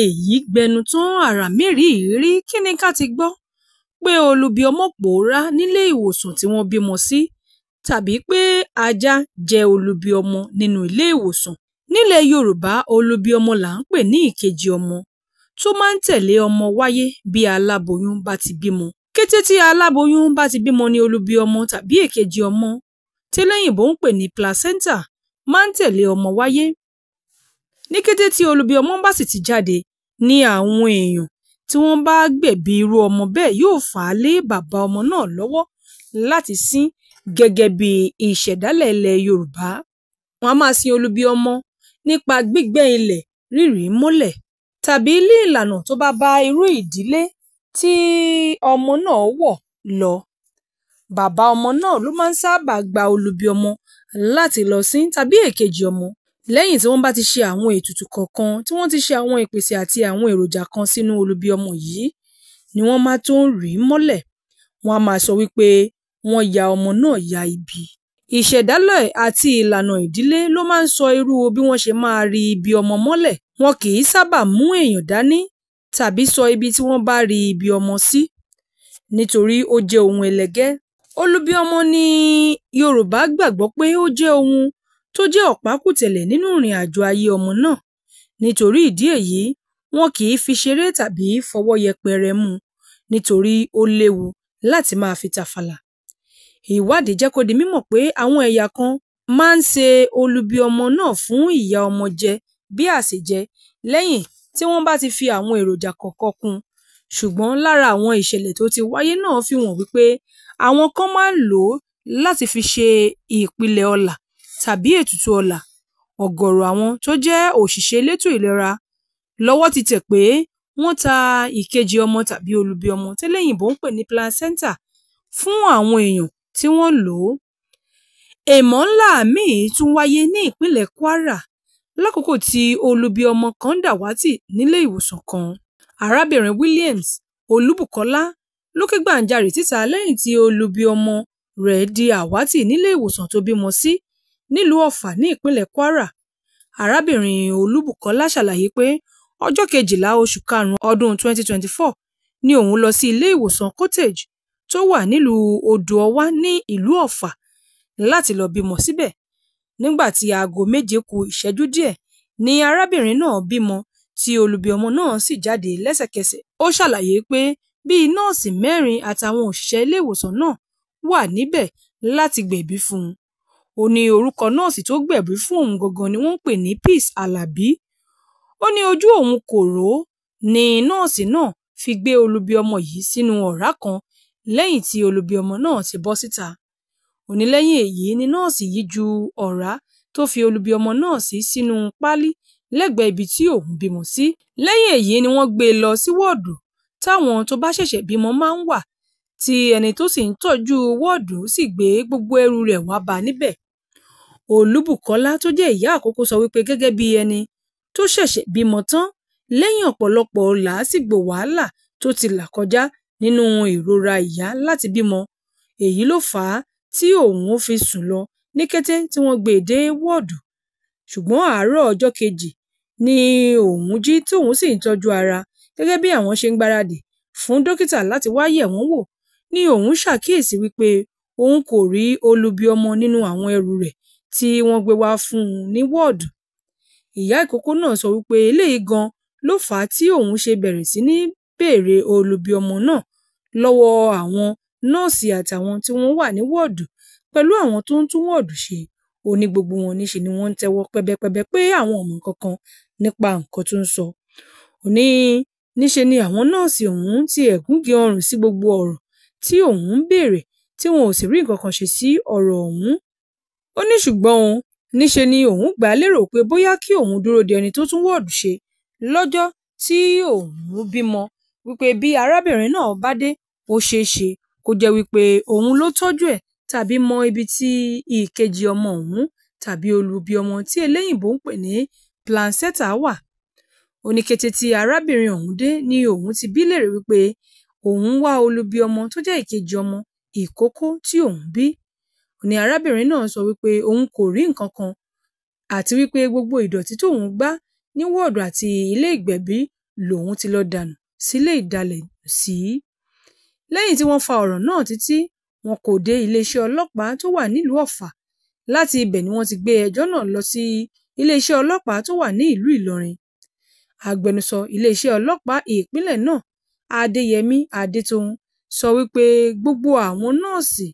Èyí gbẹnu tán àrà mérìíìírí kí ni ká ti gbọ́ pé ó lubi ọmọ pòórá nílé ìwòsàn tí wọ́n bímọ sí tàbí pé ajá jẹ olubi ọmọ nínú ilé ìwòsàn. Nílẹ̀ Yorùbá olubi ọmọ là ń pè ní ìkejì ọmọ tó máa ń tẹ̀lé ọmọ wáyé bí aláboyún bá ti bímọ. Kété tí aláboyún bá ti bímọ ni olubi ọmọ tàbí èkejì ọmọ (télèyìnbó ń pè ní placenta) máa ń tẹ̀lé ọmọ wáyé ní kété tí olubi ọmọ bá sì ti jáde ni àwọn èèyàn tí wọ́n bá gbẹ̀bí irú ọmọ bẹ́ẹ̀ yóò fà á lé bàbá ọmọ náà lọ́wọ́ láti sin gẹ́gẹ́ bí ìṣẹ̀dálẹ̀ ilẹ̀ Yorùbá wọn a máa sin olubi ọmọ nípa gbígbẹ́ ilẹ̀ rírì í mọ́lẹ̀ tàbí lé ìlànà tó bá bá irú ìdílé tí ọmọ náà wọ̀ lọ bàbá ọmọ náà ló máa ń sábà gba olubi ọmọ láti lọ sin tàbí èkejì ọmọ Lẹ́yìn tí wọ́n bá ti ṣe àwọn ètùtù kọ̀ọ̀kan, tí wọ́n ti ṣe àwọn ìpèsè àti àwọn èròjà kan sínú olubi-ọmọ yìí, ni wọ́n máa tó rì í mọ́lẹ̀, wọ́n á máa sọ wípé "wọ́n ya ọmọ náà ya ibi". Ìṣẹ̀dálẹ̀ àti ìlànà ìdílé ló máa ń sọ irú bí wọ́n ṣe máa ri ibi ọmọ mọ́lẹ̀, wọn kì í sábà mú èèyàn dání tàbí sọ ibi tí wọ́n bá ri ibi ọmọ sí, nítorí ó jẹ́ ohun ẹlẹgẹ́. Olubi-ọmọ ní Yorùbá gbàgbọ́ pé ó jẹ́ ohun tó jẹ́ ọ̀pákùtẹ̀lẹ̀ nínú ìrìnàjò ayé ọmọ náà, nítorí ìdí èyí wọn kì í fi ṣeré tàbí fọwọ́ yẹpẹrẹ mú un nítorí ó léwu láti máa fi tàfàlà. Ìwádìí jẹ́ kó di mímọ̀ pé àwọn ẹ̀yà kan máa ń se olubi ọmọ náà fún ìyá ọmọ jẹ bí àsèjẹ lẹ́yìn tí wọ́n bá ti fi àwọn èròjà kọ̀ọ̀kan kún ṣùgbọ́n lára àwọn ìṣẹ̀lẹ̀ tó ti wáyé náà fi hàn wípé àwọn kan máa ń lò láti fi ṣe ìpìlẹ̀ ọlà tàbí ètùtù ọlà, ọ̀gọ̀ọ̀rọ̀ àwọn tó jẹ́ òṣìṣẹ́ elétò ìlera lọ́wọ́ ti tẹ̀ pé wọ́n ta ìkejì ọmọ tàbí olubi ọmọ tẹ́lẹ̀yìnbó ń pè ní placenta fún àwọn èèyàn tí wọ́n lò ó. Èèmọ̀ ńlá míì tún wáyé ní ìpínlẹ̀ Kwara lákòókò tí olubi ọmọ kan dàwátì nílé ìwòsàn kan. Arábìnrin Williams Olúbùkọ́lá ló ké gbàjarè síta lẹ́yìn tí olubi ọmọ rẹ̀ di àwátì nílé ìwòsàn tó bímọ sí Nílùú Ọ̀fà ní ìpínlẹ̀ Kwara, arábìnrin Olúbùkọ́lá ṣàlàyé pé ọjọ́ 12 oṣù karùn-ún ọdún 2024 ni òun lọ sí ilé ìwòsàn Cottage tó wà nílùú Odò-ọwá ní ìlú Ọ̀fà láti lọ bímọ síbẹ̀, nígbà tí aago méje ku ìṣẹ́jú díẹ̀ ni arábìnrin náà bímọ tí olubi ọmọ náà sì jáde lẹ́sẹ̀kẹsẹ̀. Ó ṣàlàyé pé bíi nọ́ọ̀sì mẹ́rin àtàwọn òṣìṣẹ́ ilé ìwòsàn náà wà níbẹ̀ láti gbẹ̀bí fún un. Ó ní orúkọ nọ́ọ̀sì tó gbẹ̀bí fún òun gangan ni wọ́n ń pè ní Peace Alabi. Ó ní ojú òun kò rò ó ni nọ́ọ̀sì náà fi gbé olubi ọmọ yìí sínú ọ̀rá kan lẹ́yìn tí olubi ọmọ náà ti bọ́ síta. Ó èyí ni nọ́ọ̀sì yìí ju ọ̀rá tó fi olubi ọmọ náà sí sínú páálí lẹ́gbẹ̀ẹ́ ibi tí òun bímọ sí. Lẹ́yìn èyí ni wọ́n gbé e lọ sí wọ́ọ̀dù táwọn tó bá ṣẹ̀ṣẹ̀ bímọ máa ń wà tí ẹni tó sì ń tọ́jú wọ́ọ̀dù sì gbé gbogbo ẹrù rẹ̀ wá bá níbẹ̀. Olúbùkọ́lá tó jẹ́ ìyá àkọ́kọ́ sọ wípé gẹ́gẹ́ bí ẹni tó ṣẹ̀ṣẹ̀ bímọ tán lẹ́yìn ọ̀pọ̀lọpọ̀ làásìgbò wàhálà tó ti là kọjá nínú ìrora ìyá láti bímọ, èyí ló fà á tí òun fi sùn lọ ní kété tí wọ́n gbé e dé wọ́ọ̀dù, ṣùgbọ́n àárọ̀ ọjọ́ kejì ni òun jí tóun sì ń tọ́jú ara, gẹ́gẹ́ bí àwọn ṣe ń gbáradì fún dókítà láti wá yẹ̀ wò ni òun ṣàkíyèsí wípé òun kò rí olubiọmọ nínú àwọn ẹrù rẹ̀ tí wọ́n gbé wá fún un ní wọ́ọ̀dù, ìyá ìkókó náà sọ wípé eléyìí gan ló fà á tí òun ṣe bẹ̀rẹ̀ sí ní bèèrè olubi ọmọ náà lọ́wọ́ àwọn nọ́ọ̀sì àtàwọn tí wọ́n wà ní wọ́ọ̀dù pẹ̀lú àwọn tó ń tún wọ́ọ̀dù ṣe, ó ní gbogbo wọn níṣe ni wọ́n ń tẹ́wọ́ pẹ́bẹ́pẹ́bẹ́ pé àwọn ò mọ nǹkan kan nípa nǹkan tó ń sọ. Ó ní níṣe ni àwọn nọ́ọ̀sì ọ̀hún ti ẹ̀gúnge ọrùn sí gbogbo ọ̀rọ̀ tí òun ń bèèrè tí wọn ò sì rí nǹkan kan ṣe sí ọ̀rọ̀ ọ̀hún ó ní ṣùgbọ́n òun níṣe ni òun gbà á lérò pé bóyá kí òun dúró de ẹni tó tún wọ́ọ̀dù ṣe lọ́jọ́ tí òun bímọ wípé bí arábìnrin náà bá dé ó ṣeé ṣe kó jẹ́ wípé òun ló tọ́jú ẹ̀ tàbí mọ ibi tí ìkejì ọmọ òun tàbí olubi ọmọ tí eléyìnbó ń pè ní placenta wà ó tí arábìnrin ọ̀hún dé ni òun ti bí léèrè wípé òun wá olubi ọmọ tó jẹ́ ìkejì ọmọ ìkókó tí òun bí ni arábìnrin náà sọ wípé òun kò rí nǹkan kan àti wípé gbogbo ìdọ̀tí tóun gbá ní wọ́ọ̀dù àti ilé ìgbẹ̀bí lòun ti lọ dànù sílé ìdalẹ̀-sí. Lẹ́yìn tí wọ́n fa ọ̀rọ̀ náà títí wọn kò dé iléeṣẹ́ ọlọ́pàá tó wà nílùú Ọ̀fà, láti ibẹ̀ ni wọ́n ti gbé ẹjọ́ náà lọ sí iléeṣẹ́ ọlọ́pàá tó wà ní ìlú Ìlọrin. Agbẹnusọ iléeṣẹ́ ọlọ́pàá ìpínlẹ̀ náà Adéyẹmí Adétóun sọ wípé gbogbo àwọn nọ́ọ̀sì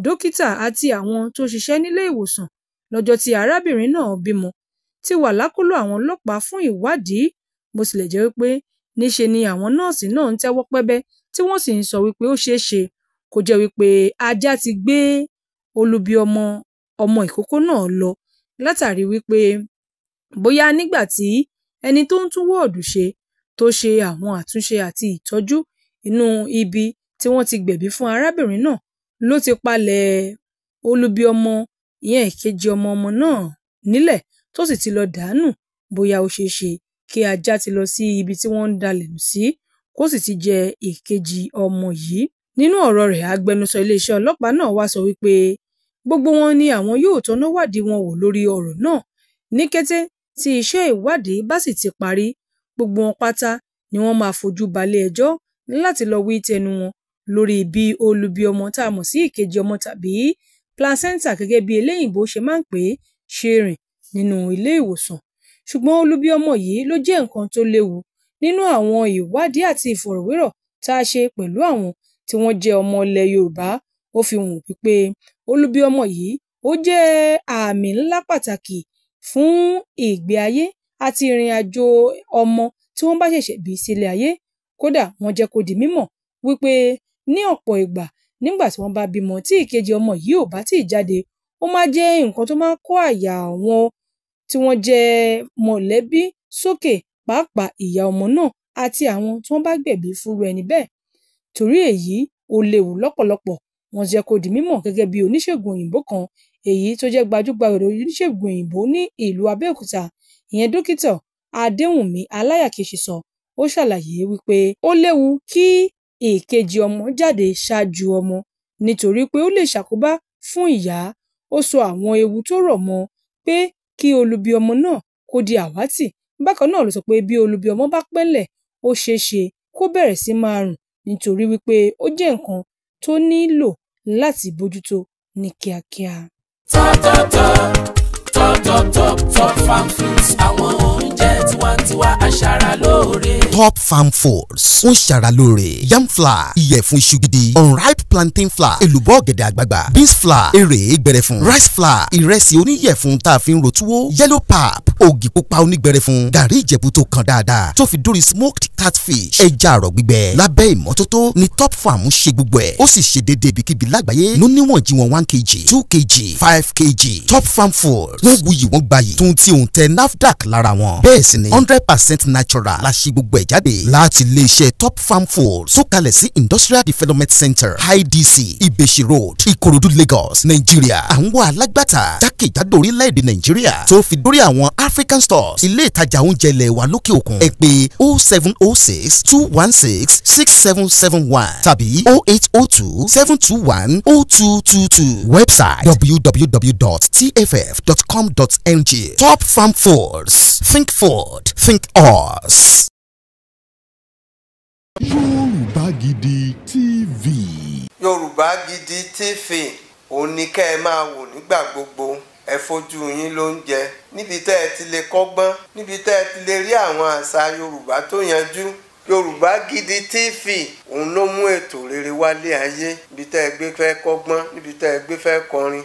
dókítà àti àwọn tó ṣiṣẹ́ nílé ìwòsàn lọ́jọ́ tí arábìnrin náà bímọ ti wà lákọlò àwọn ọlọ́pàá fún ìwádìí bó tilẹ̀ jẹ́ wípé níṣe ni àwọn nọ́ọ̀sì náà ń tẹ́wọ́ pẹ́bẹ́ tí wọ́n sì ń sọ wípé ó ṣeé ṣe kó jẹ́ wípé ajá ti gbé olubi ọmọ ọmọ ìkókó náà lọ látàrí wípé bóyá nígbà tí ẹni tó ń tún wọ́ọ̀dù ṣe tó ṣe àwọn àtúnṣe àti ìtọ́jú inú ibi tí wọ́n ti gbẹ̀bí fún arábìnrin náà ló ti palẹ̀ olubiọmọ ìyẹn èkejì ọmọ ọmọ náà nílẹ̀ tó sì ti lọ́ọ́ dà á nù bóyá ó ṣeé ṣe kí ajá ti lọ sí ibi tí wọ́n ń dalẹ̀ nù sí kó sì ti jẹ èkejì ọmọ yìí nínú ọ̀rọ̀ rẹ̀ agbẹnusọ iléeṣẹ́ ọlọ́pàá náà wá sọ wípé gbogbo wọn ni àwọn yóò tọná wádìí wọn wò lórí ọ̀rọ̀ náà ní kété tí iṣẹ́ ìwádìí bá sì ti parí gbogbo wọn pátá ni wọ́n máa fojú balẹ̀-ẹjọ́ láti lọ́ọ́ wí tẹnu wọn lórí bí olubi-ọmọ tá a mọ̀ sí ìkejì-ọmọ tàbí placenta gẹ́gẹ́ bí eléyìnbó ṣe máa ń pè é ṣe rìn nínú ilé ìwòsàn. Ṣùgbọ́n olubi-ọmọ yìí ló jẹ́ nǹkan tó léwu nínú àwọn ìwádìí àti ìfọ̀rọ̀wérọ̀ tá a ṣe pẹ̀lú àwọn tí wọ́n jẹ́ ọmọ ilẹ̀ Yorùbá, ó fi hàn wípé olubi-ọmọ yìí ó jẹ́ àmì ńlá pàtàkì fún ìgbé ayé àti ìrìn-àjò ọmọ tí wọ́n bá ṣẹ̀ṣẹ̀ bí sílé ayé. Kódà wọ́n jẹ́ kó di mímọ̀ wípé Ní ọ̀pọ̀ ìgbà nígbà tí wọ́n bá bímọ tí ìkejì ọmọ yìí ò bá tíì jáde, ó máa jẹ́ nǹkan tó máa ń kó àyà àwọn tí wọ́n jẹ́ mọ̀lẹ́bí sókè pàápàá ìyá ọmọ náà àti àwọn tí wọ́n bá gbẹ̀bí fúnrú ẹni bẹ́ẹ̀. Torí èyí ó léwu lọ́pọ̀lọpọ̀, wọ́n jẹ́ kó di mímọ̀ gẹ́gẹ́ bí oníṣègùn òyìnbó kan èyí tó jẹ́ gbajúgbajà oníṣègùn òyìnbó ní ìlú Abẹ́òkúta, ìyẹn Dókítà Adéwùnmí Aláyàkísì sọ. Ó ṣàlàyé wípé ó léwu kí èkejì ọmọ jáde ṣáájú ọmọ nítorí pé ó lè ṣàkóbá fún ìyá. Ó sọ àwọn ewu tó rọ̀ mọ́ ọn pé kí olubi ọmọ náà kó di àwátì. Bákan náà ló sọ pé bí olubi ọmọ bá pẹ́ ó ṣeé ṣe kó bẹ̀rẹ̀ sí máa rùn nítorí wípé ó jẹ́ nǹkan tó nílò láti bójútó ní kíákíá top top top farm fruits àwọn oúnjẹ tiwantiwa aṣaralóore. top farm foods ń ṣaralóore yam flour ìyẹ̀fun iṣu gidi unripe plantain flour èlùbọ́ ọ̀gẹ̀dẹ̀ àgbagbà beans flour èrè gbẹrẹfun rice flour ìrẹsì oníyẹ̀fun tá a fi ń ro yellow pap ògì pupa onígbẹrẹfun gàrí ìjẹ̀bú tó kan dáadáa tó fi dórí smoked catfish ẹja àrọ̀ gbígbẹ lábẹ́ ìmọ́tótó ni top farm ṣe gbogbo ẹ̀ ó sì ṣe déédéé ibikíbi lágbàáyé ló níwọ̀n jí wọn one kg two kg five kg top farm foods wọ́n wuyì wọ́n gbayì tún ti òun tẹ NAFDAC lára wọn bẹ́ẹ̀ sì ni hundred percent natural la ṣe gbogbo ẹ̀ jáde láti iléeṣẹ́ Top Farm Foods sókàlẹ̀ sí Industrial Development Center IDC Ibeshi Road Ìkòròdú Lagos Nàìjíríà àwọn alágbàtà jákèjádò orílẹ̀-èdè Nàìjíríà tó fi dórí àwọn African stores ilé ìtajà oúnjẹ ilẹ̀ wa lókè òkun ẹ pè o oh seven o oh six two one six six seven seven one tàbí o oh eight o two seven two one o two two two website www.tff.com topfarm.ng. Top Farm Foods. Think food. Think us. Yorùbá Gidi TV. Yorùbá Gidi TV òun ni kẹ́ ẹ máa wò nígbà gbogbo ẹ fojú yín ló ń jẹ níbi tẹ́ ẹ ti lè kọ́gbọ́n níbi tẹ́ ẹ ti lè rí àwọn àṣà Yorùbá tó yanjú Yorùbá Gidi TV òun ló mú ètò rere wálé ayé níbi tẹ́ ẹ gbé fẹ́ kọ́gbọ́n níbi tẹ́ ẹ gbé fẹ́ kọrin